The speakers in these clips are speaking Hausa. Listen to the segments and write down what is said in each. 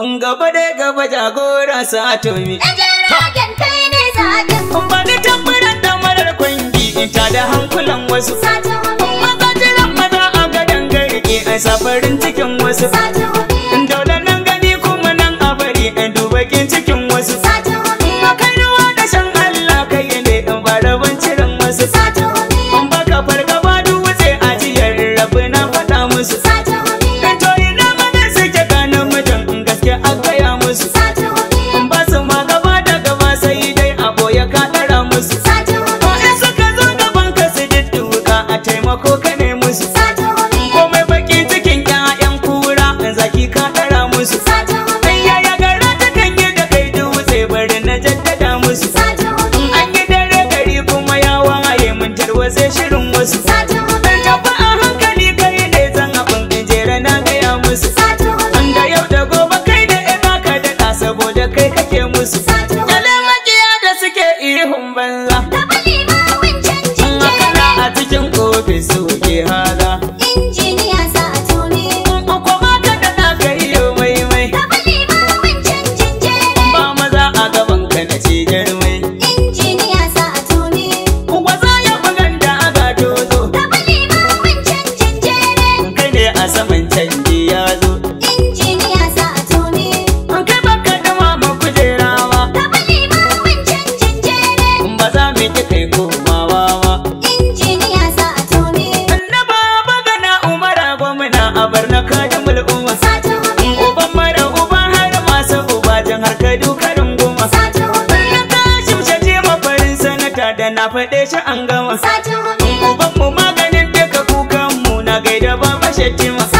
In gaba dai gaba jagora sa tomi. In jiragen kai ne zaɓin. In ba ni tabbatar da marar kwangi ita da hankulan wasu. Sa tomi. Maza jiran maza a gadon garke a safarin cikin wasu. Sa tomi. na faɗe shi an gama. Satin mu mu maganin duka kukan mu na gaida ba bashe tima.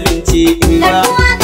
musulunci in ba